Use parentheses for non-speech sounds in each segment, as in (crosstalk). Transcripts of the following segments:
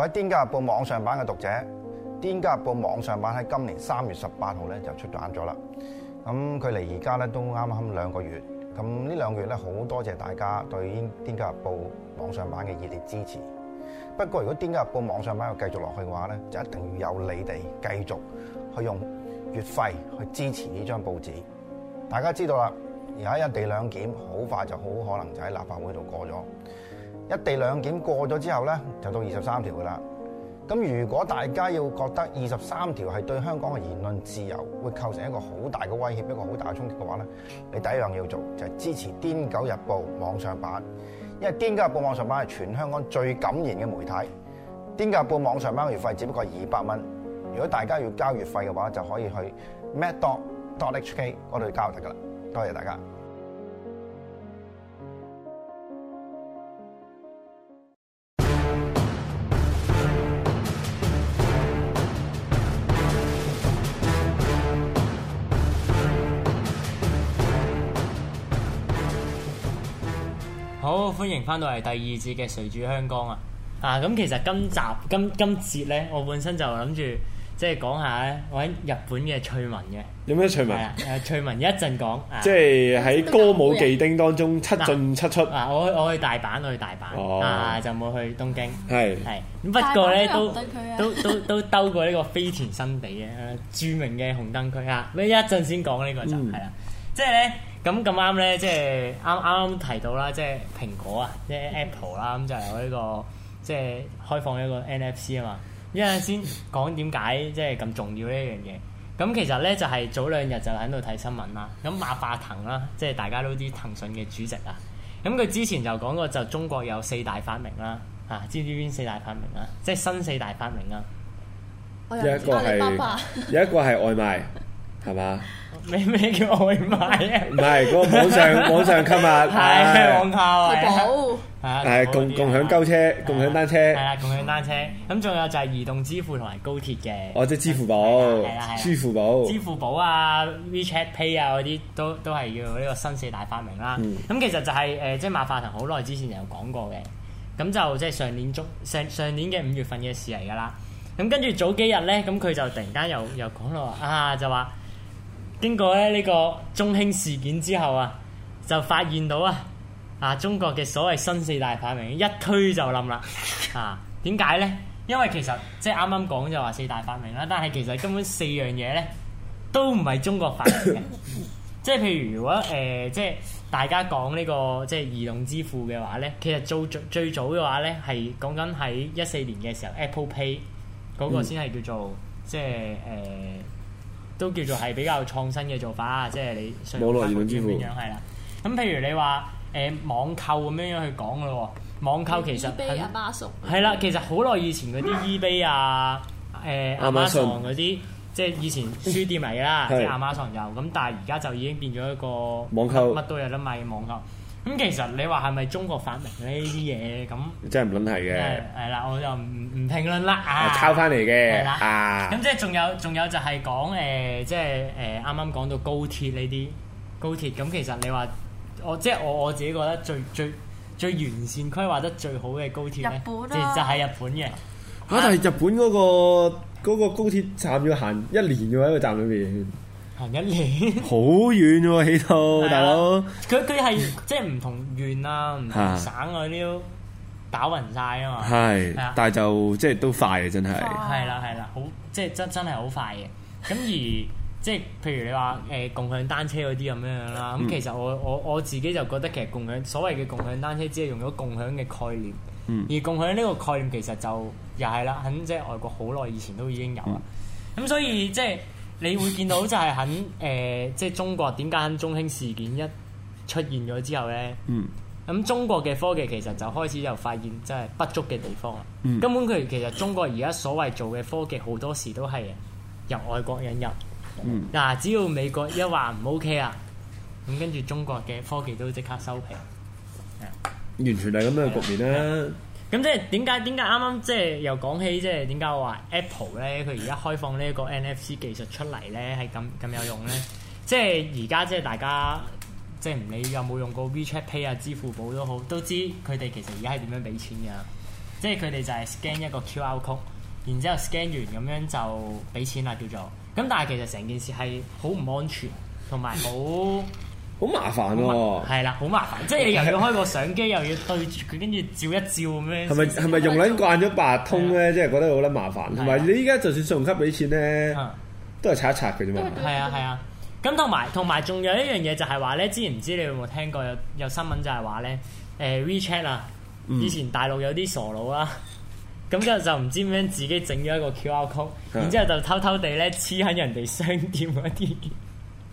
各位《癲狗日報》網上版嘅讀者，《癲狗日報》網上版喺今年三月十八號咧就出版咗啦。咁距離而家咧都啱啱兩個月。咁呢兩個月咧好多謝大家對《癲狗日報》網上版嘅熱烈支持。不過，如果《癲狗日報》網上版又繼續落去嘅話咧，就一定要有你哋繼續去用月費去支持呢張報紙。大家知道啦，而家一地兩檢好快就好可能就喺立法會度過咗。一地兩檢過咗之後呢，就到二十三條噶啦。咁如果大家要覺得二十三條係對香港嘅言論自由會構成一個好大嘅威脅，一個好大嘅衝擊嘅話呢，你第一樣要做就係、是、支持《癲狗日報》網上版，因為《癲狗日報》網上版係全香港最敢言嘅媒體。《癲狗日報》網上版嘅月費只不過二百蚊，如果大家要交月費嘅話，就可以去 m a d o t h k 嗰度交就得噶啦。多謝大家。歡迎翻到嚟第二節嘅誰主香江啊！啊，咁其實今集今今節咧，我本身就諗住即係講下咧，我喺日本嘅趣聞嘅。有咩趣聞？誒、嗯、趣聞一陣講。即係喺歌舞伎町當中七進七出。啊！我我去大阪，我去大阪、哦、啊，就冇去東京。係係是。咁不過咧、啊，都都都都兜過呢個飛田新地嘅、啊、著名嘅紅燈區啊！呢一陣先講呢個就係啦，即係咧。咁咁啱咧，即係啱啱提到啦，即係蘋果啊，即係 Apple 啦，咁就係有呢個即係開放一個 NFC 啊嘛。一陣先講點解即係咁重要呢一樣嘢。咁其實咧就係早兩日就喺度睇新聞啦。咁馬化騰啦，即係大家都知騰訊嘅主席啊。咁佢之前就講過就中國有四大發明啦，嚇、啊、知唔知邊四大發明啊？即係新四大發明啊。有一個係 (laughs) 有一個係外賣，係嘛？ (laughs) (laughs) 咩咩叫外賣啊？唔係嗰個網上 (laughs) 網上購物係啊， (laughs) 網購係啊，係 (laughs) 共共享鳩車、 (laughs) 共享單車係啊，共享單車咁，仲有就係移動支付同埋高鐵嘅哦，即係、啊就係、支付寶、啊、支付寶、啊、支付寶啊，WeChat Pay 啊嗰啲都都係要呢個新四大發明啦。咁、嗯、其實就係誒，即係馬化騰好耐之前有就講過嘅，咁就即係上年中上上年嘅五月份嘅事嚟噶啦。咁跟住早幾日咧，咁佢就突然間又又講到話啊，就話。經過咧呢個中興事件之後啊，就發現到啊，啊中國嘅所謂新四大發明一推就冧啦！啊，點解呢？因為其實即係啱啱講就話四大發明啦，但係其實根本四樣嘢呢都唔係中國發明嘅， (coughs) 即係譬如如果誒、呃、即係大家講呢個即係移動支付嘅話呢，其實做最早嘅話呢係講緊喺一四年嘅時候 Apple Pay 嗰個先係叫做即係誒。呃都叫做係比較創新嘅做法，即係你信用卡同點樣係啦。咁譬如你話誒、呃、網購咁樣樣去講咯喎，網購其實係啦、e 嗯，其實好耐以前嗰啲 eBay 啊、誒 Amazon 嗰啲，即係以前書店嚟啦，即係 Amazon 有。咁但係而家就已經變咗一個網購，乜都有得賣嘅網購。咁其實你話係咪中國發明呢啲嘢？咁即係唔撚係嘅。係啦，我就唔唔評論啦啊！抄翻嚟嘅啊！咁即係仲有仲有就係講誒、呃，即係誒啱啱講到高鐵呢啲高鐵咁。其實你話我即係我我自己覺得最最最完善規劃得最好嘅高鐵咧，就係日本嘅、啊、嚇。但係日本嗰、啊嗰個嗰、嗰個高鐵站要行一年喎，喺個站裏面。行一年，好遠喎！起到大佬，佢佢係即係唔同縣啊，唔同省嗰啲都打混晒啊嘛。係，但係就即係都快啊！真係係啦，係啦，好即係真真係好快嘅。咁而即係譬如你話誒共享單車嗰啲咁樣樣啦，咁其實我我我自己就覺得其實共享所謂嘅共享單車，只係用咗共享嘅概念，而共享呢個概念其實就又係啦，喺即係外國好耐以前都已經有啦。咁所以即係。你會見到就係喺誒，即係中國點解喺中興事件一出現咗之後咧？嗯。咁、嗯、中國嘅科技其實就開始又發現真係不足嘅地方啦。嗯、根本佢其實中國而家所謂做嘅科技好多時都係由外國引入。嗯。嗱，只要美國一話唔 O K 啊，咁跟住中國嘅科技都即刻收皮。完全係咁嘅局面啦了。了咁即係點解點解啱啱即係又講起即係點解我話 Apple 咧佢而家開放呢一個 NFC 技術出嚟咧係咁咁有用咧？即係而家即係大家即係唔理有冇用過 WeChat Pay 啊、支付寶都好，都知佢哋其實而家係點樣俾錢㗎。即係佢哋就係 scan 一個 QR code，然之後 scan 完咁樣就俾錢啦叫做。咁但係其實成件事係好唔安全同埋好。好麻煩喎、啊，啦，好麻煩，即係你又要開個相機， (laughs) 又要對住佢，跟住照一照咁樣。係咪係咪用撚慣咗八通咧？即係是的 覺得好撚麻煩。同埋是的 你依家就算信用卡俾錢咧，嗯、都係刷一刷嘅啫嘛。係啊係啊，咁同埋同埋仲有一樣嘢就係話咧，之前唔知你有冇聽過有有新聞就係話咧，誒、呃、WeChat 啊，嗯、以前大陸有啲傻佬啊，咁之後就唔知點樣自己整咗一個 QR code， (laughs) 然之後就偷偷地咧黐喺人哋商店嗰啲。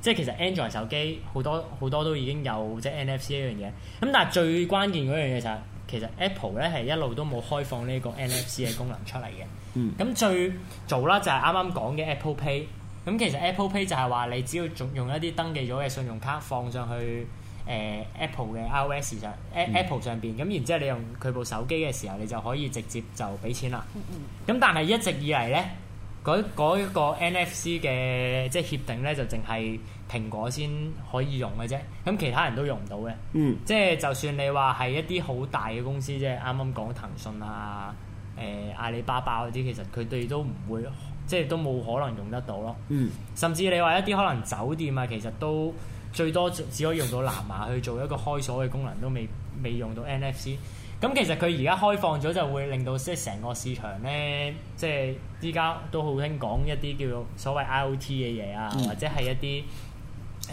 即係其實 Android 手機好多好多都已經有即 NFC 呢樣嘢，咁但係最關鍵嗰樣嘢就係其實 Apple 咧係一路都冇開放呢個 NFC 嘅功能出嚟嘅。嗯。咁最早啦就係啱啱講嘅 Apple Pay，咁其實 Apple Pay 就係話你只要用一啲登記咗嘅信用卡放上去誒、呃、Apple 嘅 iOS 上 Apple 上邊，咁然之後你用佢部手機嘅時候，你就可以直接就俾錢啦。嗯咁、嗯、但係一直以嚟咧，嗰一個 NFC 嘅即係協定咧，就淨係蘋果先可以用嘅啫，咁其他人都用唔到嘅。嗯。即係就算你話係一啲好大嘅公司，即係，啱啱講騰訊啊、誒、呃、阿里巴巴嗰啲，其實佢哋都唔會，即係都冇可能用得到咯。嗯。甚至你話一啲可能酒店啊，其實都最多只可以用到藍牙去做一個開鎖嘅功能，都未未用到 NFC。咁其實佢而家開放咗就會令到即係成個市場咧，即係依家都好興講一啲叫做所謂 IOT 嘅嘢啊，或者係一啲誒、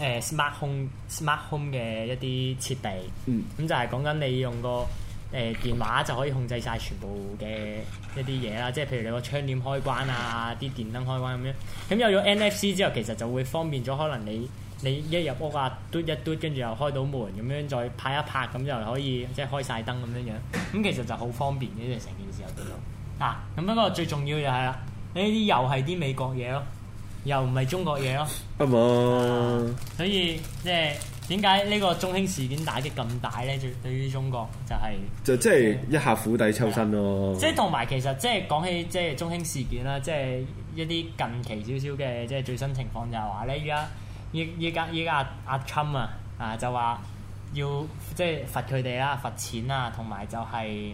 呃、smart home smart home 嘅一啲設備。咁、嗯、就係講緊你用個誒、呃、電話就可以控制晒全部嘅一啲嘢啦，即係譬如你個窗簾開關啊、啲電燈開關咁、啊、樣。咁有咗 NFC 之後，其實就會方便咗可能你。你一入屋啊，嘟一嘟，跟住又開到門咁樣，再拍一拍咁就可以即係開晒燈咁樣樣。咁其實就好方便嘅，成件事又做到嗱。咁、啊、不過最重要就係啦，呢啲又係啲美國嘢咯，又唔係中國嘢咯， (laughs) 啊冇。所以即係點解呢個中興事件打擊咁大咧？對對於中國就係、是、就即係、嗯、一下釜底抽薪咯。即係同埋其實即係講起即係中興事件啦，即係一啲近期少少嘅即係最新情況就係話咧，依家。依依家依家阿阿侵啊啊,啊,啊就話要即係、就是、罰佢哋啦罰錢啊同埋就係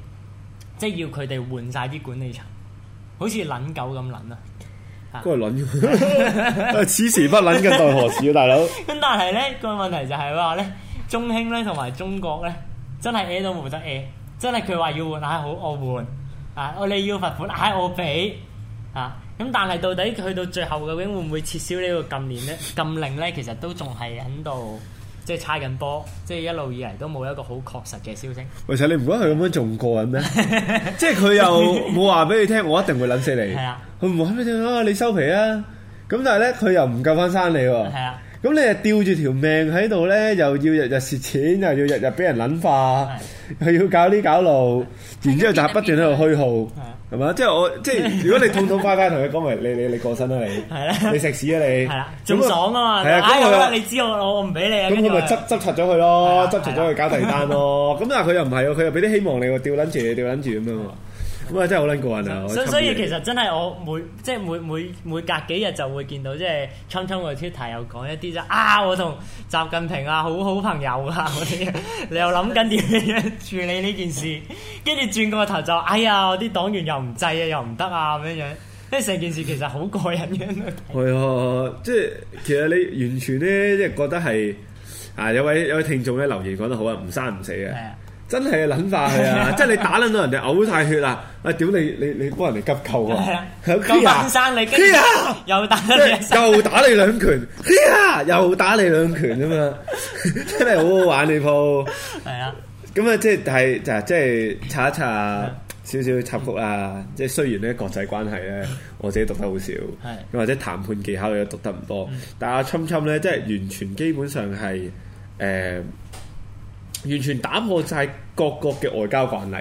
即係要佢哋換晒啲管理層，好似撚狗咁撚啊！該撚啊！ (laughs) (laughs) 此時不撚嘅待何時啊，大佬？咁但係咧個問題就係話咧，中興咧同埋中國咧真係 A 都冇得 A，真係佢話要換，哎好我換啊！我你要罰款，哎我俾啊！咁但係到底去到最後究竟會唔會撤銷呢個禁令咧？禁令咧其實都仲係喺度，即係差緊波，即係一路以嚟都冇一個好確實嘅消息。其實你唔覺得佢咁樣仲過癮咩？ (laughs) 即係佢又冇話俾你聽， (laughs) 我一定會撚死你。係啊的，佢唔話俾你聽啊，你收皮啊！咁但係咧，佢又唔救翻生你喎。係啊。咁你啊吊住條命喺度咧，又要日日蝕錢，又要日日俾人撚化，又要搞呢搞路，然之後就不斷喺度虛耗，係咪？即係我即係如果你痛痛快快同佢講，咪你你你過身啦，你係啦，你食屎啊你，係啦，咁爽啊嘛，係啊，咁我你知我我唔俾你，啊。咁佢咪執執柒咗佢咯，執柒咗佢搞第二單咯，咁但係佢又唔係喎，佢又俾啲希望你喎，吊撚住你吊撚住咁樣。咁哇！真係好撚過癮啊！所所以其實真係我每即係每每每隔幾日就會見到即係 Trump Trump 同 Twitter 又講一啲就啊，我同習近平啊好好朋友啊啲，你又諗緊點樣處理呢件事？跟住轉過頭就哎呀，我啲黨員又唔制啊，又唔得啊咁樣樣，即係成件事其實好過癮嘅。係啊，即係其實你完全咧即係覺得係啊有位有位聽眾咧留言講得好啊，唔生唔死啊。真係啊，捻化佢啊！即係你打捻到人哋嘔晒血啦，啊屌你你你幫人哋急救啊！係啊，生你又打你兩，又打你兩拳，又打你兩拳啫嘛，真係好好玩呢鋪。係啊，咁啊即係就係即係查一查少少插曲啊！即係雖然咧國際關係咧，我自己讀得好少，咁或者談判技巧又讀得唔多，但係啊，侵侵咧即係完全基本上係誒。完全打破晒各國嘅外交慣例。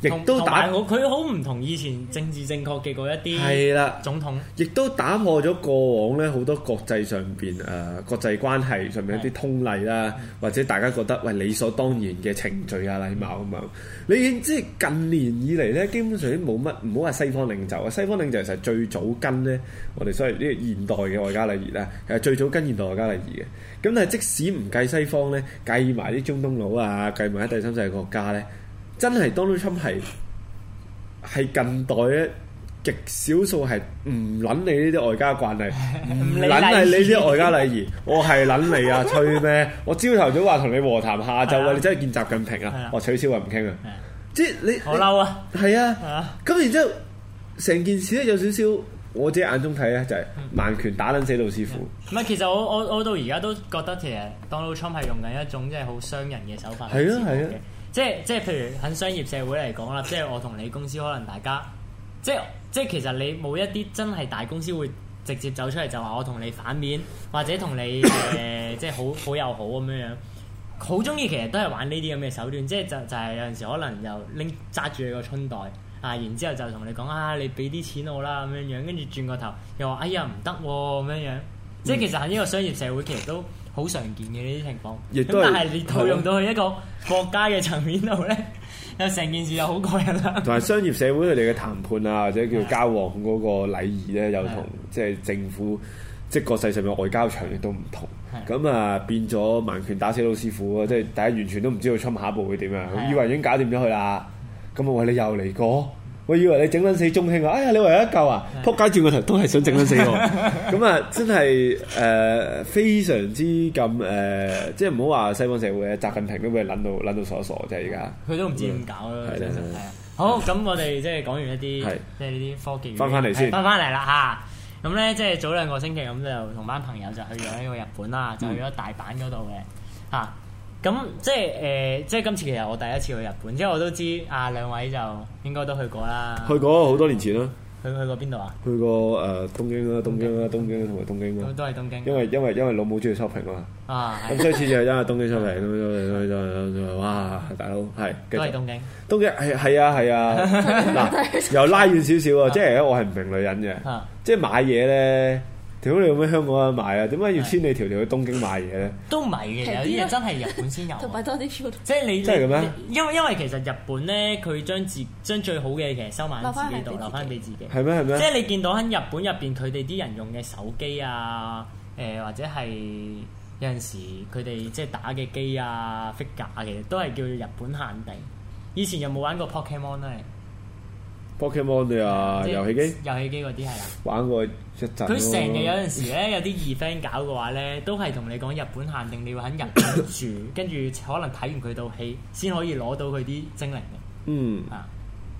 亦都打埋佢好唔同以前政治正確嘅嗰一啲總統，亦都打破咗過往咧好多國際上邊誒、啊、國際關係上面一啲通例啦，的或者大家覺得喂理所當然嘅程序啊、禮貌咁、啊、嘛，嗯、你即係近年以嚟呢，基本上都冇乜唔好話西方領袖啊，西方領袖其實最早跟呢，我哋所謂呢個現代嘅外交禮儀啊，其實最早跟現代外交禮儀嘅，咁但係即使唔計西方呢，計埋啲中東佬啊，計埋啲第三世界國家呢。真係 Donald Trump 係係近代咧極少數係唔撚你呢啲外交慣例，唔撚係呢啲外交禮儀。 (laughs) 我係撚你啊，吹咩？ (laughs) 我朝頭早話同你和談下，下晝啊，你真係見習近平啊，啊我取消啊，唔傾啊。即係你好嬲啊？係啊。咁然之後，成件事咧有少少，我自己眼中睇咧就係萬拳打撚死老師傅。唔係、嗯嗯嗯，其實我我我到而家都覺得其實 Donald Trump 係用緊一種即係好傷人嘅手法嚟。係啊，係啊。即係即係，譬如喺商業社會嚟講啦，即係我同你公司可能大家，即係即係，其實你冇一啲真係大公司會直接走出嚟就話我同你反面，或者同你誒、呃、 (laughs) 即係好好友好咁樣樣，好中意其實都係玩呢啲咁嘅手段，即係就就係、是、有陣時可能又拎揸住你個春袋啊，然之後就同你講啊，你俾啲錢我啦咁樣樣，跟住轉個頭又話哎呀唔得咁樣樣，即係其實喺呢個商業社會其實都好常見嘅呢啲情況，咁但係你套用到去一個國家嘅層面度咧，又成、嗯、件事又好過癮啦。同埋商業社會佢哋嘅談判啊，或者叫交往嗰個禮儀咧，又同即係政府是的 即係國際上嘅外交場亦都唔同。咁啊是的 變咗盲拳打死老師傅啊！即係是的 大家完全都唔知道出下一步會點樣，是的 以為已經搞掂咗佢啦。咁是的 我話你又嚟過。我以為你整撚死中興啊！哎呀，你為咗一嚿啊，撲街是的 轉個頭都係想整撚死我！咁啊， (laughs) 真係誒、呃、非常之咁誒、呃，即係唔好話西方社會啊，習近平都會撚到撚到傻傻啫，而家。佢都唔知點搞咯，係啊！好，咁我哋即係講完一啲的即係呢啲科技翻翻嚟先，翻翻嚟啦吓，咁、啊、咧即係早兩個星期咁就同班朋友就去咗呢個日本啦，就去咗大阪嗰度嘅吓。啊咁即係誒，即係、呃、今次其實我第一次去日本，因為我都知啊兩位就應該都去過啦。去過、啊，好多年前啦。去去過邊度啊？去過誒東京啦，東京啦、啊，東京同、啊、埋東京咯、啊。都係東京。因為因為因為老母中意 shopping 啊嘛。啊。咁、啊啊、所以次就係因為東京 shopping，咁樣咁、啊、樣咁哇！大佬係。都係東京。東京係係啊係啊。嗱、啊啊 (laughs) 嗯，又拉遠少少 (laughs) 啊！即係我係唔明女人嘅，即係買嘢咧。屌，你有咩香港人買啊？點解要千里迢迢去東京買嘢咧？都唔係嘅，有啲嘢真係日本先有。買 (laughs) 多啲票，即係你。即係咁樣？因為因為其實日本咧，佢將自將最好嘅其實收埋自己度，留翻俾自己。係咩係咩？即係你見到喺日本入邊，佢哋啲人用嘅手機啊，誒、呃、或者係有陣時佢哋即係打嘅機啊 figure 嘅，其實都係叫做日本限定。以前有冇玩過 Pokemon 呢？Pokemon 啊，即係遊戲機，遊戲機嗰啲係啦，玩過一陣。佢成日有陣時咧，有啲二 friend 搞嘅話咧，都係同你講日本限定，你要喺日本住，跟住 (coughs) 可能睇完佢套戲先可以攞到佢啲精靈嘅。嗯。啊，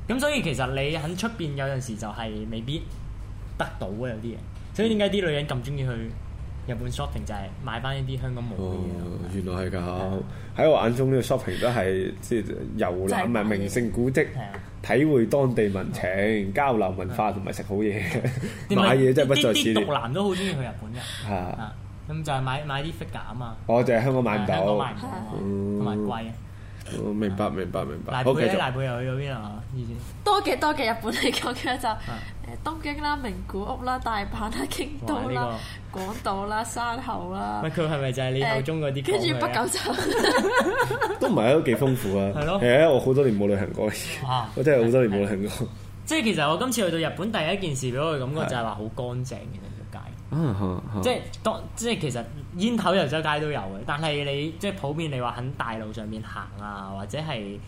咁所以其實你喺出邊有陣時就係未必得到啊，有啲嘢。所以點解啲女人咁中意去？日本 shopping 就係買翻一啲香港冇嘅。原來係咁。喺我眼中呢個 shopping 都係即係遊覽唔係名勝古蹟，體會當地民情、交流文化同埋食好嘢、買嘢真係不在少。啲獨男都好中意去日本嘅。咁就係買買啲 figure 啊嘛。我就係香港買唔到，買唔到，同埋貴。明白，明白，明白。好，繼續。賴珮有去咗邊啊？呢節多嘅多嘅日本嚟講嘅就誒東京啦、名古屋啦、大阪啦、京都啦、廣島啦、山口啦。喂，佢係咪就係你口中嗰啲？跟住北九州，都唔係都幾豐富啊。係咯。係啊，我好多年冇旅行過。我真係好多年冇旅行過。即係其實我今次去到日本第一件事俾我嘅感覺就係話好乾淨。 (noise) 即係當即係，其實煙頭又周街都有嘅。但係你即係普遍，你話喺大路上面行啊，或者係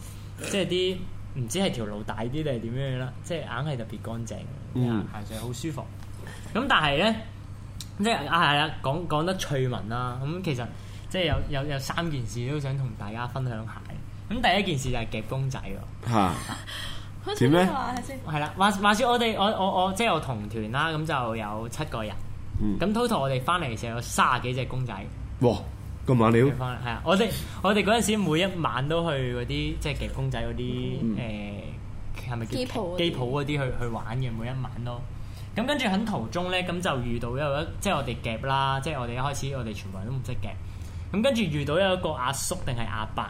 即係啲唔知係條路大啲定係點樣啦，即係硬係特別乾淨，行上好舒服。咁但係咧，即係係啦，講、啊、講得趣聞啦。咁其實即係有有有三件事都想同大家分享下。咁第一件事就係夾公仔、啊啊、好似咩？係啦，話話說我哋我我我,我即係我同團啦，咁就有七個人。咁 total、嗯、我哋翻嚟嘅時候有卅幾隻公仔。哇！咁猛料。翻嚟。係啊，我哋我哋嗰陣時每一晚都去嗰啲即係夾公仔嗰啲，誒係咪？機鋪機鋪嗰啲去去玩嘅，每一晚咯。咁跟住喺途中咧，咁就遇到有一即係我哋夾啦，即係我哋一開始我哋全部人都唔識夾。咁跟住遇到有一個阿叔定係阿伯，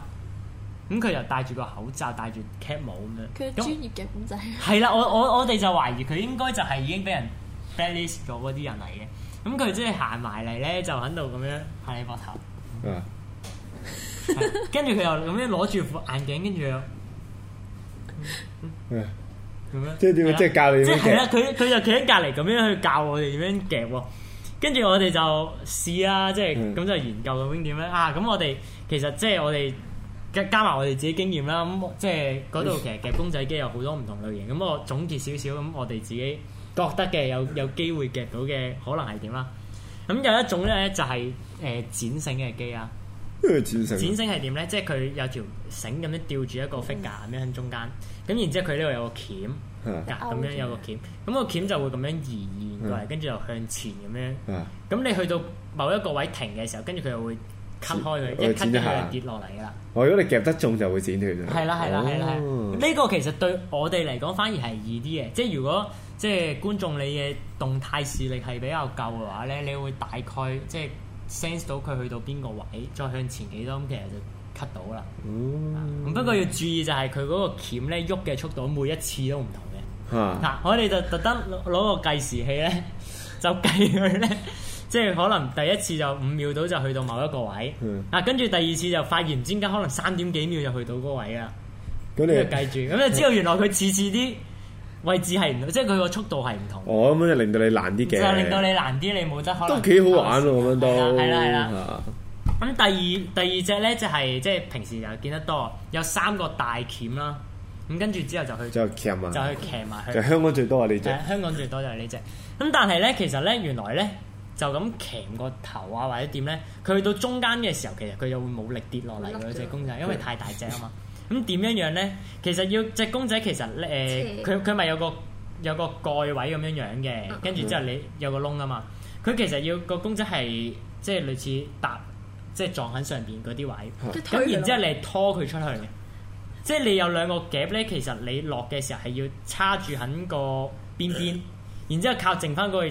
咁佢又戴住個口罩戴住 cap 帽咁樣。佢專業夾公仔。係啦那， (laughs) 我我我哋就懷疑佢應該就係已經俾人 ban 咗嗰啲人嚟嘅。咁佢、嗯、即係行埋嚟咧，就喺度咁樣拍你膊頭。跟住佢又咁樣攞住副眼鏡，跟住。嗯。咁、嗯、樣。即係點啊？了即係教你點夾。即係係啊！佢佢就企喺隔離咁樣去教我哋點樣夾喎。跟住我哋就試啦，即係咁就研究究竟點樣啊！咁我哋其實即係我哋加埋我哋自己經驗啦。咁即係嗰度其實夾公仔機有好多唔同類型。咁 (laughs) 我總結少少咁，我哋自己。覺得嘅有有機會夾到嘅可能係點啦？咁有一種咧就係誒剪繩嘅機啊。剪繩。剪繩係點咧？即係佢有條繩咁樣吊住一個 figure 咁樣喺中間。咁然之後佢呢度有個鉗夾咁樣有個鉗。咁個鉗就會咁樣移移過嚟，跟住又向前咁樣。咁你去到某一個位停嘅時候，跟住佢又會 cut 開佢，一 cut 咗佢跌落嚟㗎啦。哦，如果你夾得中就會剪斷啊。係啦係啦係啦，呢個其實對我哋嚟講反而係易啲嘅，即係如果。即係觀眾，你嘅動態視力係比較夠嘅話咧，你會大概即係 sense 到佢去到邊個位，再向前幾多咁，其實就 cut 到啦。嗯、啊。不過要注意就係佢嗰個鉗咧喐嘅速度每一次都唔同嘅。嗱、啊啊，我哋就特登攞個計時器咧，就計佢咧，即係可能第一次就五秒到就去到某一個位。嗯。跟住、啊、第二次就發現唔知點解可能三點幾秒就去到嗰位啦。咁你、嗯。就計住，咁就知道原來佢次次啲。位置係唔同，即係佢個速度係唔同。我咁樣就令到你難啲嘅。就令到你難啲，你冇得可能都幾好玩咯咁樣都。係啦係啦。咁的 (laughs) 第二第二隻咧就係、是、即係平時又見得多，有三個大鉗啦。咁跟住之後就去就騎就去騎埋去。就，就香港最多啊呢隻。香港最多就係 (laughs) 呢隻。咁但係咧，其實咧，原來咧，就咁騎個頭啊或者點咧，佢去到中間嘅時候，其實佢又會冇力跌落嚟嘅隻公仔，因為太大隻啊嘛。 (laughs) (laughs) 咁點、嗯、樣樣咧？其實要隻公仔其實誒，佢佢咪有個有個蓋位咁樣樣嘅，跟住之後你有個窿啊嘛。佢、嗯、其實要個公仔係即係類似搭，即係撞喺上邊嗰啲位。咁、嗯、然之後，後你係拖佢出去嘅，嗯、即係你有兩個夾咧。其實你落嘅時候係要叉住喺個邊邊，嗯、然之後靠剩翻嗰。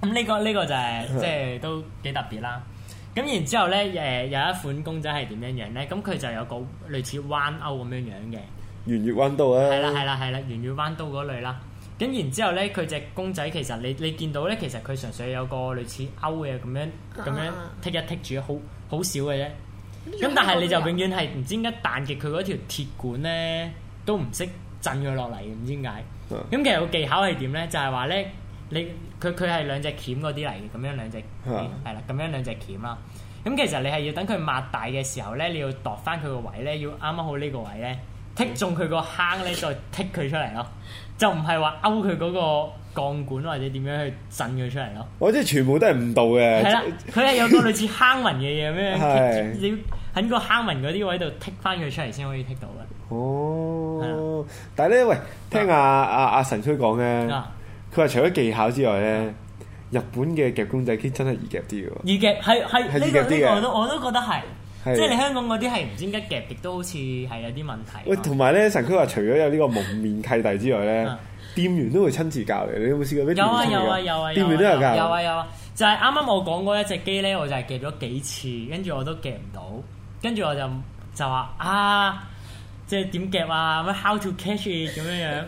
咁呢、這個呢、這個就係、是、即係都幾特別啦。咁 (laughs) 然之後咧，誒、呃、有一款公仔係點樣樣咧？咁佢就有個類似彎勾咁樣樣嘅圓月彎刀啊！係啦係啦係啦，圓月彎刀嗰類啦。咁然之後咧，佢隻公仔其實你你見到咧，其實佢純粹有個類似勾嘅咁樣咁樣剔一剔住，好好少嘅啫。咁 (laughs) 但係你就永遠係唔知點解彈極佢嗰條鐵管咧都唔識震佢落嚟嘅，唔知點解。咁 (laughs) 其實個技巧係點咧？就係話咧。你佢佢係兩隻鉗嗰啲嚟嘅，咁樣兩隻係啦，咁、啊、樣、樣兩隻鉗啦。咁其實你係要等佢擘大嘅時候咧，你要度翻佢個位咧，要啱啱好呢個位咧，剔中佢個坑咧，再剔佢出嚟咯。就唔係話勾佢嗰個鋼管或者點樣去震佢出嚟咯。我即係全部都係唔到嘅。係啦，佢係有個類似坑紋嘅嘢咁樣，你 (laughs) 對 要喺個坑紋嗰啲位度剔翻佢出嚟先可以剔到嘅。哦了，但係咧，喂，聽阿阿阿神吹講嘅。佢話：除咗技巧之外咧，日本嘅夾公仔機真係易夾啲嘅。易夾係係呢個呢個都我都覺得係，即係你香港嗰啲係唔知點解夾，亦都好似係有啲問題。喂，同埋咧，神區話除咗有呢個蒙面契弟之外咧，店員都會親自教你。你有冇試過？有啊有啊有啊！店員都有教。有啊有啊！就係啱啱我講嗰一隻機咧，我就係夾咗幾次，跟住我都夾唔到，跟住我就就話啊，即係點夾啊？How to catch it？咁樣樣。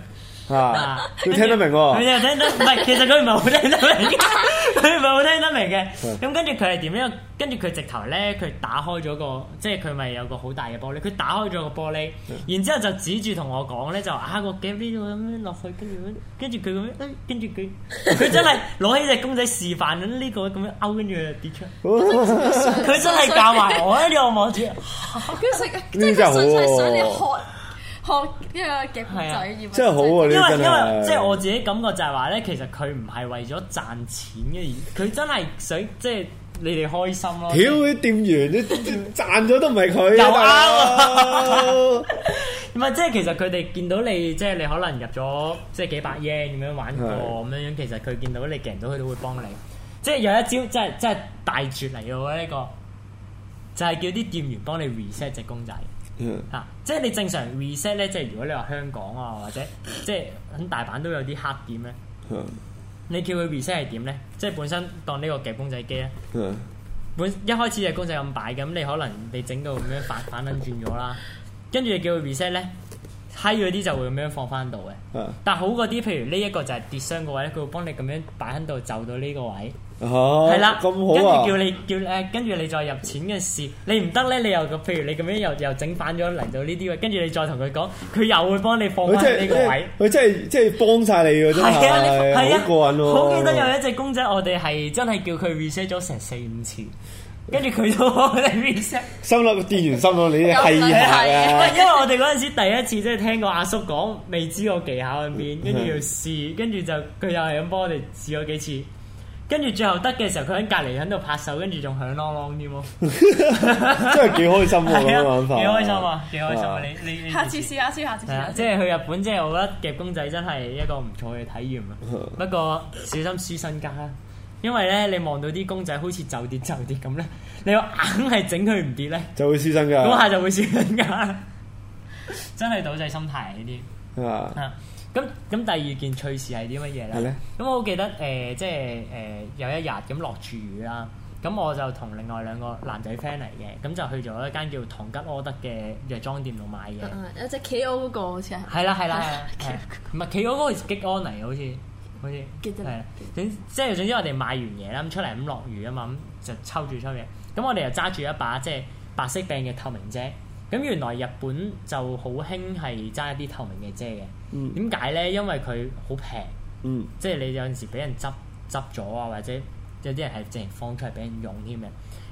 啊！你聽得明喎？你又聽得唔係？其實佢唔係好聽得明，佢唔係好聽得明嘅。咁跟住佢係點樣？因為跟住佢直頭咧，佢打開咗個，即係佢咪有個好大嘅玻璃。佢打開咗個玻璃，然之後就指住同我講咧，就啊個鏡邊咁樣落去，跟住跟住佢咁樣，跟住佢，佢真係攞起隻公仔示範呢個咁樣勾，跟住跌出。佢真係教埋我，喺度望住。佢真係好喎。學呢個夾公仔，真係好啊！因為因為即係我自己感覺就係話咧，其實佢唔係為咗賺錢嘅，而佢真係想即係你哋開心咯。屌啲店員，你賺咗 (laughs) 都唔係佢。又啱有啊！唔係即係其實佢哋見到你，即係你可能入咗即係幾百 yen 咁樣玩過咁樣樣，是其實佢見到你夾到，佢都會幫你。即係有一招，即係即係大絕嚟嘅喎呢個，就係、是、叫啲店員幫你 reset 隻公仔。 (noise) 啊！即係你正常 reset 咧，即係如果你話香港啊，或者即係喺大阪都有啲黑店咧。 (noise) 你叫佢 reset 係點咧？即係本身當呢個夾公仔機咧。 (noise) 本一開始隻公仔咁擺咁，你可能你整到咁樣反反拎轉咗啦，跟住你叫佢 reset 咧。梯嗰啲就會咁樣放翻到嘅，但好過啲，譬如呢一個就係跌傷嘅位咧，佢會幫你咁樣擺喺度，就到呢個位。哦，係啦，咁好啊！跟住叫你叫誒，跟住你再入錢嘅事，你唔得咧，你又譬如你咁樣又又整反咗嚟到呢啲位，跟住你再同佢講，佢又會幫你放翻呢個位。佢真係即係幫晒你㗎，真係。係啊，係啊，好一個人喎。好記得有一隻公仔，我哋係真係叫佢 reset 咗成四五次。跟住佢都幫你收咗個電源，收咗你咧，係啊！因為我哋嗰陣時第一次即係聽過阿叔講，未知個技巧喺邊，跟住要試，跟住就佢又係咁幫我哋試咗幾次，跟住最後得嘅時候，佢喺隔離喺度拍手，跟住仲響啷啷添喎， (laughs) (laughs) 真係幾開心喎咁幾開心啊，幾開心啊你！你你下次試下次試下次試，係啊！即係去日本，即係我覺得夾公仔真係一個唔錯嘅體驗啊！ (laughs) 不過小心輸身家啦。因為咧，你望到啲公仔好似就跌就跌咁咧，你硬係整佢唔跌咧，就會輸身㗎。咁下就會輸身㗎，真係倒致心態呢啲。咁咁吧、啊、第二件趣事係啲乜嘢咧？咁呢我好記得誒、呃，即係誒、呃、有一日咁落住雨啦，咁我就同另外兩個男仔 friend 嚟嘅，咁就去咗一間叫唐吉柯德嘅藥妝店度買嘢、嗯。有隻企鵝嗰個好似係。係啦係啦係，唔係企鵝嗰個係激安嚟嘅好似。好似係啊，即係總之，我哋買完嘢啦，咁出嚟咁落雨啊嘛，咁就抽住抽嘢。咁我哋又揸住一把即係、就是、白色柄嘅透明遮。咁原來日本就好興係揸一啲透明嘅遮嘅。點解咧？因為佢好平。嗯。即係你有陣時俾人執執咗啊，或者有啲人係淨係放出嚟俾人用添嘅。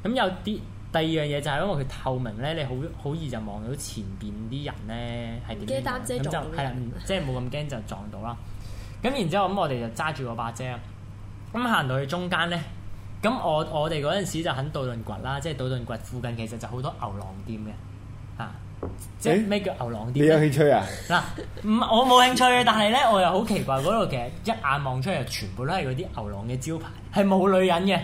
咁有啲第二樣嘢就係因為佢透明咧，你好好易就望到前邊啲人咧係點樣。咁就係啊，即係冇咁驚就撞到啦。 (laughs) 咁然之後咁，我哋就揸住個把遮，咁行到去中間咧。咁我我哋嗰陣時就肯道頓掘啦，即係道頓掘附近其實就好多牛郎店嘅，啊，即係咩叫牛郎店？欸？你有興趣啊？嗱、啊，唔我冇興趣，但係咧我又好奇怪，嗰度其實一眼望出嚟全部都係嗰啲牛郎嘅招牌，係冇女人嘅。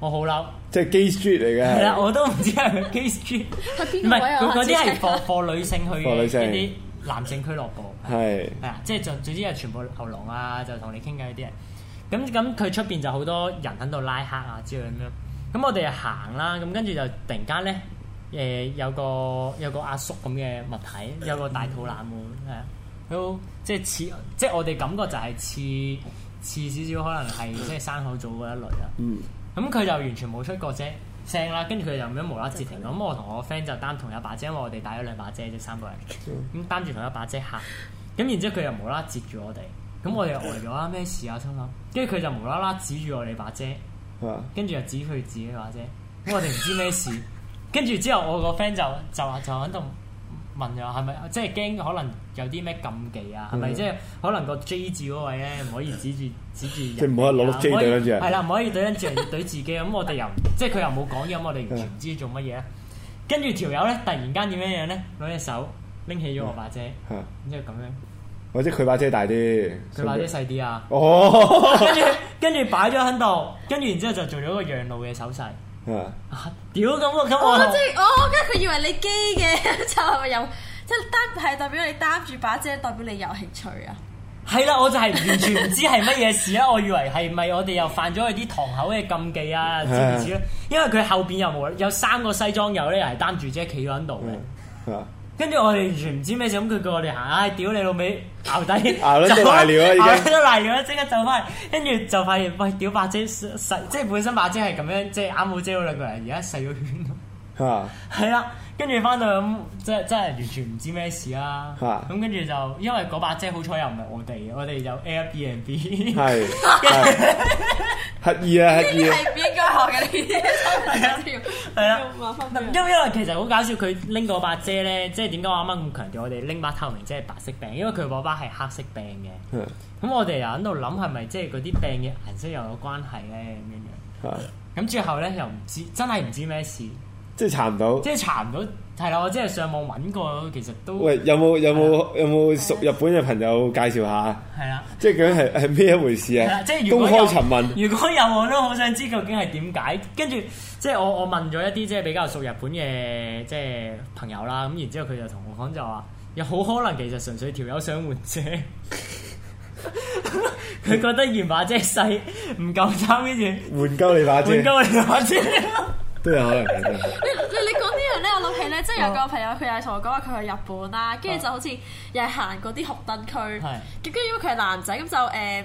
我好嬲，即係 gay street 嚟嘅。係 (laughs) 啦，我都唔知係咪 gay street，唔係嗰啲係放放女性去嘅呢啲男性俱樂部。係，係啊！ (noise) 即係就總之係全部喉嚨啊，就同你傾偈啲人。咁咁佢出邊就好多人喺度拉黑啊之類咁樣。咁我哋就行啦、啊，咁跟住就突然間咧，誒、呃、有個有個阿叔咁嘅物體，有個大肚腩喎，係啊，都即係似，即係我哋感覺就係似似少少可能係即係山口組嗰一類啊。嗯。咁佢就完全冇出過啫，聲啦，跟住佢就咁樣無啦啦截停。咁、嗯嗯嗯、我同我個 friend 就擔同一把遮，因為我哋帶咗兩把遮啫，三個人。嗯。咁擔住同一把遮行。咁然之後佢又無啦啦截住我哋，咁我哋又呆咗啦，咩事啊？心諗，跟住佢就無啦啦指住我哋把遮，跟住、啊、又指佢自己把遮，咁我哋唔知咩事。跟住之後我個 friend 就就就喺度問就係咪，即係驚可能有啲咩禁忌啊？係咪、嗯、即係可能個 J 字嗰位咧唔可以指住指住，即係唔可以攞落啦，唔可，可以對人字嚟對自己。咁、啊、我哋又即係佢又冇講，咁我哋完全唔知做乜嘢啦。跟住條友咧突然間點樣樣咧攞隻手拎起咗我把遮，咁即係咁樣。或者佢把遮大啲，佢把遮細啲啊！哦 (laughs) 跟，跟住跟住擺咗喺度，跟住然之後就做咗個讓路嘅手勢。嗎啊、屌咁咁、啊啊、我即係哦，跟佢以為你基嘅 (laughs) 就係咪有即係擔係代表你擔住把遮，代表你有興趣啊？係啦， (laughs) 我就係完全唔知係乜嘢事啦！ (laughs) 我以為係咪我哋又犯咗佢啲堂口嘅禁忌啊？似唔似咧？因為佢後邊又冇有，有三個西裝友咧，又係擔住遮企咗喺度嘅。跟住我哋完全唔知咩，就咁佢叫我哋行、啊，唉屌你老味，咬底，咬咗啲瀨尿啦，已經，咗尿啦，即刻走翻嚟。跟住就發現喂，屌八姐細，即係本身八姐係咁樣，即係啱好遮到兩個人，而家細咗圈咁，係啊， (laughs) (laughs) 啦。跟住翻到咁，即係真係完全唔知咩事啦。咁跟住就因為嗰把遮好彩又唔係我哋，我哋有 Airbnb，刻意啊，刻意啊。呢啲係邊個學嘅呢啲。係啊，因為因為其實好搞笑，佢拎嗰把遮咧，即係點解我啱啱咁強調我哋拎把透明遮係白色病，因為佢嗰把係黑色病嘅。咁我哋又喺度諗係咪即係嗰啲病嘅顏色又有關係咧？咁樣樣咁最後咧又唔知，真係唔知咩事。即係查唔到，到，即係查唔到，係啦！我即係上網揾過，其實都喂有冇有冇的有冇熟日本嘅朋友介紹下？係啦的，即係咁係係咩一回事啊？即係如果公開詢問，如果有，都如果有我都好想知究竟係點解。跟住即係我我問咗一啲即係比較熟日本嘅即係朋友啦。咁然之後佢就同我講就話，有好可能其實純粹條友想換隻，佢 (laughs) 覺得原把姐細唔夠跟住，換鳩你把隻，換鳩你把隻。 (laughs) 都有可能。你你你講啲人咧， (laughs) 我諗起咧，即係有個朋友，佢又係同我講話，佢去日本啦，跟住、oh. 就好似又係行嗰啲紅燈區。係。咁跟住因為佢係男仔，咁就誒，咁、呃、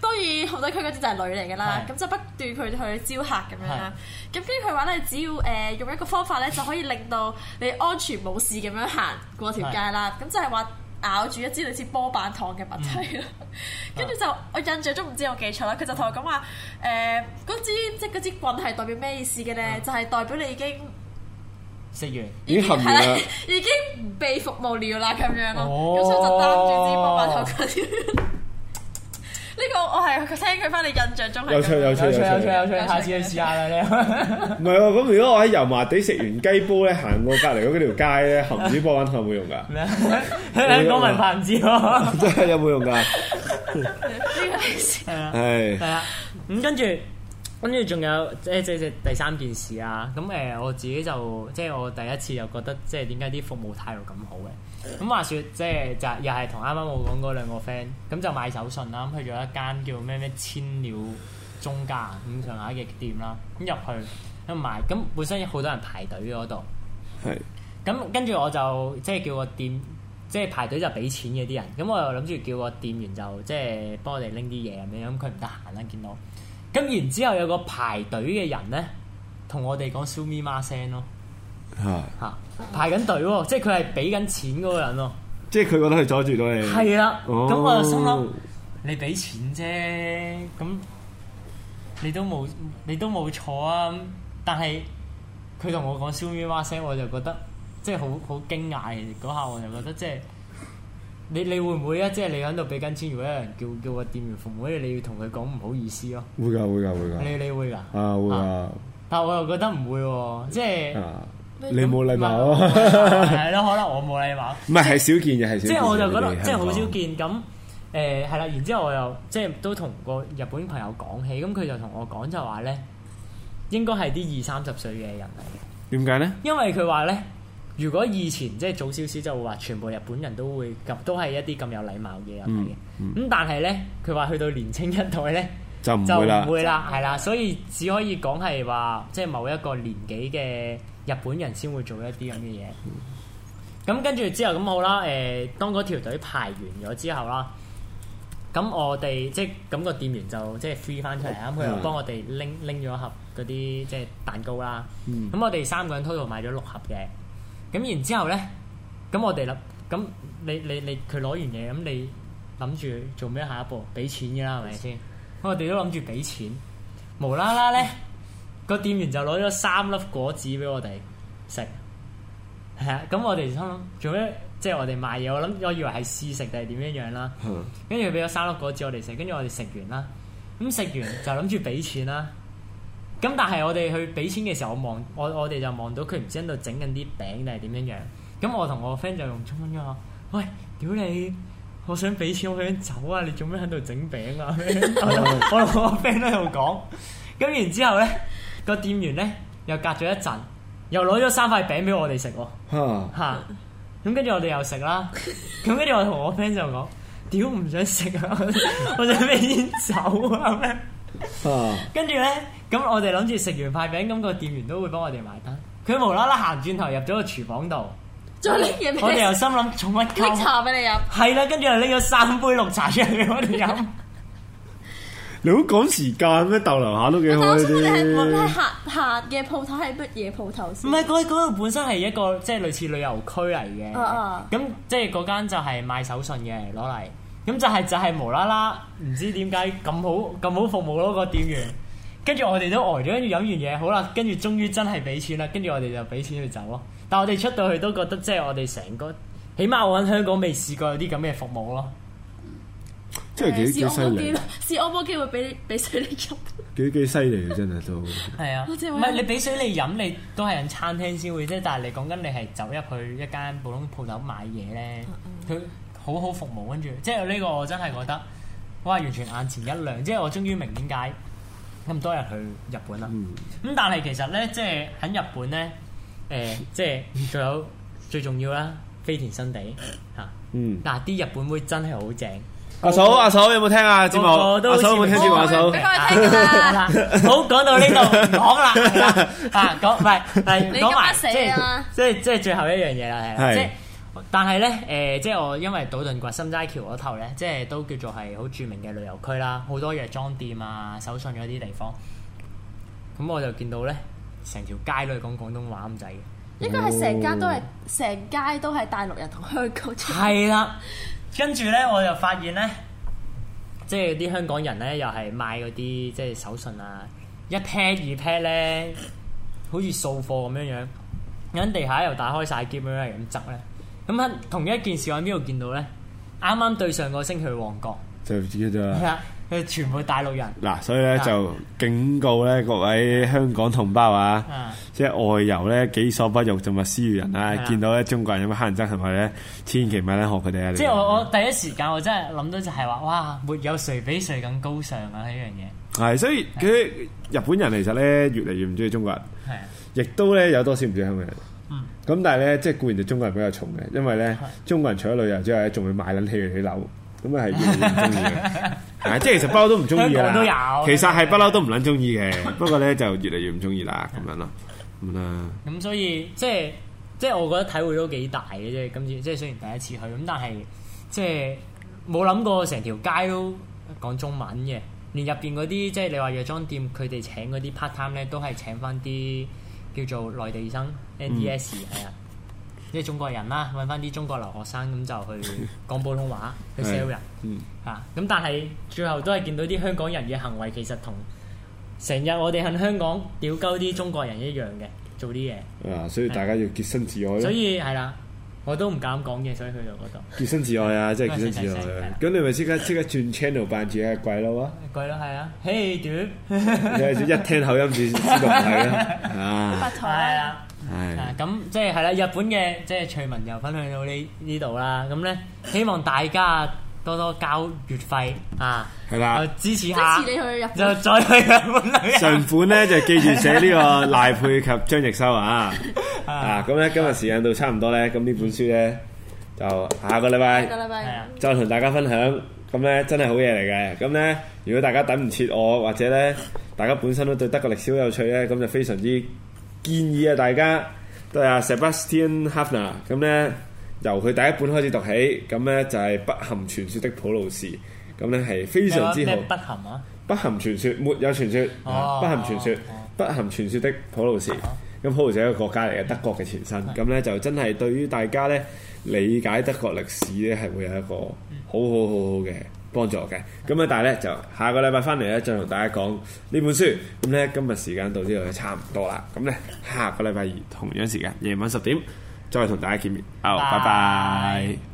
當然紅燈區嗰啲就係女嚟㗎啦。咁、oh. 就不斷佢去招客咁、oh. 樣啦。咁跟住佢話咧，只要誒、呃、用一個方法咧，就可以令到你安全冇事咁樣行過條街啦。咁就係話。咬住一支類似波板糖嘅物體咯，跟住、嗯、就、啊、我印象中唔知我記錯啦，佢就同我講話誒嗰支即係嗰支棍係代表咩意思嘅咧？啊、就係代表你已經食完已經冚完啦，已經， (laughs) 已經被服務了啦咁樣啦，咁、哦、所以就擔住支波板糖。啊 (laughs) 呢個我係聽佢翻，你印象中係有趣有趣有趣有趣，下次去試下啦。唔係喎，咁如果我喺油麻地食完雞煲咧，行過隔離嗰條街咧，猴子波揾湯有冇用㗎？你兩個問法真係有冇用㗎？呢個係試。係。係啊。咁跟住。跟住仲有即係即第三件事啊！咁誒、呃，我自己就即係我第一次又覺得即係點解啲服務態度咁好嘅？咁話說即係就又係同啱啱我講嗰兩個 friend，咁就買手信啦，去咗一間叫咩咩千鳥中間咁上下嘅店啦。咁入去咁買，咁本身有好多人排隊嗰度。係是。咁跟住我就即係叫個店，即係排隊就俾錢嘅啲人。咁我又諗住叫個店員就即係幫我哋拎啲嘢咁樣。咁佢唔得閒啦，見到。咁然之後有個排隊嘅人咧，同我哋講 sumi ma 聲咯、啊，排緊隊喎，即係佢係俾緊錢嗰個人咯，即係佢覺得佢阻住到你係啦。咁我就心諗，你俾錢啫，咁你都冇你都冇錯啊。但係佢同我講 sumi ma 聲，我就覺得即係好好驚訝。嗰下我就覺得即係。你你會唔會啊？即係你喺度俾緊錢，如果有人叫叫個店員服務，你你要同佢講唔好意思咯。會噶會噶會噶。你你會噶？啊會噶。但係我又覺得唔會喎，即係你冇禮貌，係咯？可能我冇禮貌。唔係，係少見，嘅。係少。即係我就覺得，即係好少見。咁誒係啦。然之後我又即係都同個日本朋友講起，咁佢就同我講就話咧，應該係啲二三十歲嘅人。嚟。點解呢？因為佢話咧。如果以前即係早少少就話，全部日本人都會咁，都係一啲咁有禮貌嘅人嚟嘅。咁但係咧，佢話去到年青一代咧，就唔就唔會啦，係啦，所以只可以講係話，即係某一個年紀嘅日本人先會做一啲咁嘅嘢。咁跟住之後咁好啦，誒，當嗰條隊排完咗之後啦，咁我哋即係咁個店員就即係 free 翻出嚟，咁佢就幫我哋拎拎咗一盒嗰啲即係蛋糕啦。咁我哋三個人 total 買咗六盒嘅。咁然之後咧，咁我哋諗，咁你你你佢攞完嘢，咁你諗住做咩下一步？俾錢嘅啦，係咪先？ (noise) 我哋都諗住俾錢，無啦啦咧，個 (noise) 店員就攞咗三粒果子俾我哋食。係啊，咁、 (noise) 嗯、我哋心諗做咩？即、就、係、是、我哋賣嘢，我諗我以為係試食定係點樣樣啦。跟住佢俾咗三粒果子我哋食，跟住我哋食完啦。咁、嗯、食完就諗住俾錢啦。 (noise) (noise) 咁但係我哋去俾錢嘅時候，我望我我哋就望到佢唔知喺度整緊啲餅定係點樣樣。咁我同我 friend 就用中文講：，喂，屌你，我想俾錢，我想走啊！你做咩喺度整餅啊？我同 (laughs) 我 friend 喺度講。咁然之後咧，個店員咧又隔咗一陣，又攞咗三塊餅俾我哋食喎。嚇、 (laughs) 啊！咁跟住我哋又食啦。咁跟住我同我 friend 就講：屌唔想食啊！我想俾錢走啊！跟住咧。朋. (laughs) (laughs) 咁我哋諗住食完塊餅，咁個店員都會幫我哋埋單。佢無啦啦行轉頭入咗 (laughs) 個廚房度，嘢我哋又心諗：，送乜嘢茶俾你飲？係啦，跟住又拎咗三杯綠茶出嚟俾我哋飲。 (laughs) (laughs) 你好趕時間咩？逗留下都幾開心想。我哋係唔係客客嘅鋪頭？係乜嘢鋪頭先？唔係嗰嗰度本身係一個即係類似旅遊區嚟嘅。啊咁、uh uh. 即係嗰間就係賣手信嘅，攞嚟。咁就係、是、就係、是、無啦啦，唔知點解咁好咁好服務咯？個店員。 (laughs) 跟住我哋都呆咗，跟住飲完嘢好啦，跟住終於真係俾錢啦。跟住我哋就俾錢佢走咯。但係我哋出到去都覺得，即係我哋成個起碼我喺香港未試過有啲咁嘅服務咯。真係幾犀利！試按摩機會俾俾水你飲，幾幾犀利，真係都係啊，唔係你俾水你飲，你都係喺餐廳先會啫。但係你講緊你係走入去一間普通鋪頭買嘢咧，佢好、嗯嗯、好服務，跟住即係呢個我真係覺得哇，完全眼前一亮。即係我終於明點解。咁多人去日本啦，咁但係其實咧，即係喺日本咧，誒，即係仲有最重要啦，飛田新地吓，嗱啲日本妹真係好正。阿嫂阿嫂有冇聽啊？節目阿嫂有冇聽節目啊？嫂，好講到呢度唔講啦，啊講唔係你講埋死即係即係最後一樣嘢啦，係。但係咧，誒、呃，即係我因為道頓堀心齋橋嗰頭咧，即係都叫做係好著名嘅旅遊區啦，好多藥妝店啊、手信嗰啲地方。咁我就見到咧，成條街都係講廣東話咁滯嘅。應該係成間都係，成街都係、哦、大陸人同香港了。係啦，跟住咧，我就發現咧，即係啲香港人咧，又係買嗰啲即係手信啊，一 pair 二 pair 咧，好似掃貨咁樣樣，喺地下又打開晒，咁樣樣嚟咁執咧。咁同一件事，我喺邊度見到咧？啱啱對上個星期去旺角，就知㗎啦。係啊，佢全部大陸人。嗱，所以咧就警告咧各位香港同胞啊，即係外遊咧，己所不欲，勿施於人啊！見到咧中國人有咩乞人憎，係咪咧？千祈唔係咧學佢哋啊！即係我，我第一時間我真係諗到就係話，哇！沒有誰比誰更高尚啊！呢樣嘢係，所以佢日本人其實咧越嚟越唔中意中國人，亦都咧有多少唔中意香港人。咁但係咧，即係固然就中國人比較重嘅，因為咧中國人除咗旅遊之外，咧，仲會買撚起嚟起樓，咁啊係越嚟越唔中意嘅。啊，即係其實不嬲都唔中意啊，都有其實係不嬲都唔撚中意嘅。 (laughs) 不過咧就越嚟越唔中意啦，咁樣咯，咁啦。咁所以即係即係我覺得體會都幾大嘅啫。今次即係雖然第一次去，咁但係即係冇諗過成條街都講中文嘅，連入邊嗰啲即係你話藥妝店佢哋請嗰啲 part time 咧，都係請翻啲。叫做內地生 NDS，係啊，即係、嗯、中國人啦，揾翻啲中國留學生，咁就去講普通話 (laughs) 去 sell 人，嗯，嚇，咁但係最後都係見到啲香港人嘅行為，其實同成日我哋喺香港屌鳩啲中國人一樣嘅做啲嘢。啊，所以大家要潔身自愛的所以係啦。我都唔敢講嘢，所以去到嗰度潔身自愛啊，即係潔身自愛。咁你咪即刻即刻轉 channel 扮住啊？鬼佬啊？鬼佬，係啊嘿，Hey dude 一聽口音就知道係啦，啊，不錯係啊，係咁即係係啦。日本嘅即係趣聞又分享到呢呢度啦。咁咧希望大家多多交月費啊，係啦，支持下，支持你去日本，就再去日本啦。上款咧就記住寫呢個賴珮及張亦修啊。啊，咁咧、啊嗯、今日時間到差唔多咧，咁呢、嗯、本書咧就下個禮拜，下個禮拜、啊、就同大家分享。咁咧真係好嘢嚟嘅。咁咧如果大家等唔切我，或者咧大家本身都對德國歷史好有趣咧，咁就非常之建議啊！大家都係 Sebastian Haffner，咁咧由佢第一本開始讀起，咁咧就係、是《不含傳說的普魯士》。咁咧係非常之好。不含啊！不含傳說，沒有傳說，啊、不含傳說，啊、不含傳說的普魯士。啊啊。咁、嗯、好，魯士一個國家嚟嘅，德國嘅前身。咁呢，就真係對於大家呢理解德國歷史呢，係會有一個好好好好嘅幫助嘅。咁啊，但係呢，就下個禮拜翻嚟呢，再同大家講呢本書。咁呢，今日時間到呢度就差唔多啦。咁呢，下個禮拜二同樣時間夜晚十點再同大家見面。好，拜拜。Oh, bye bye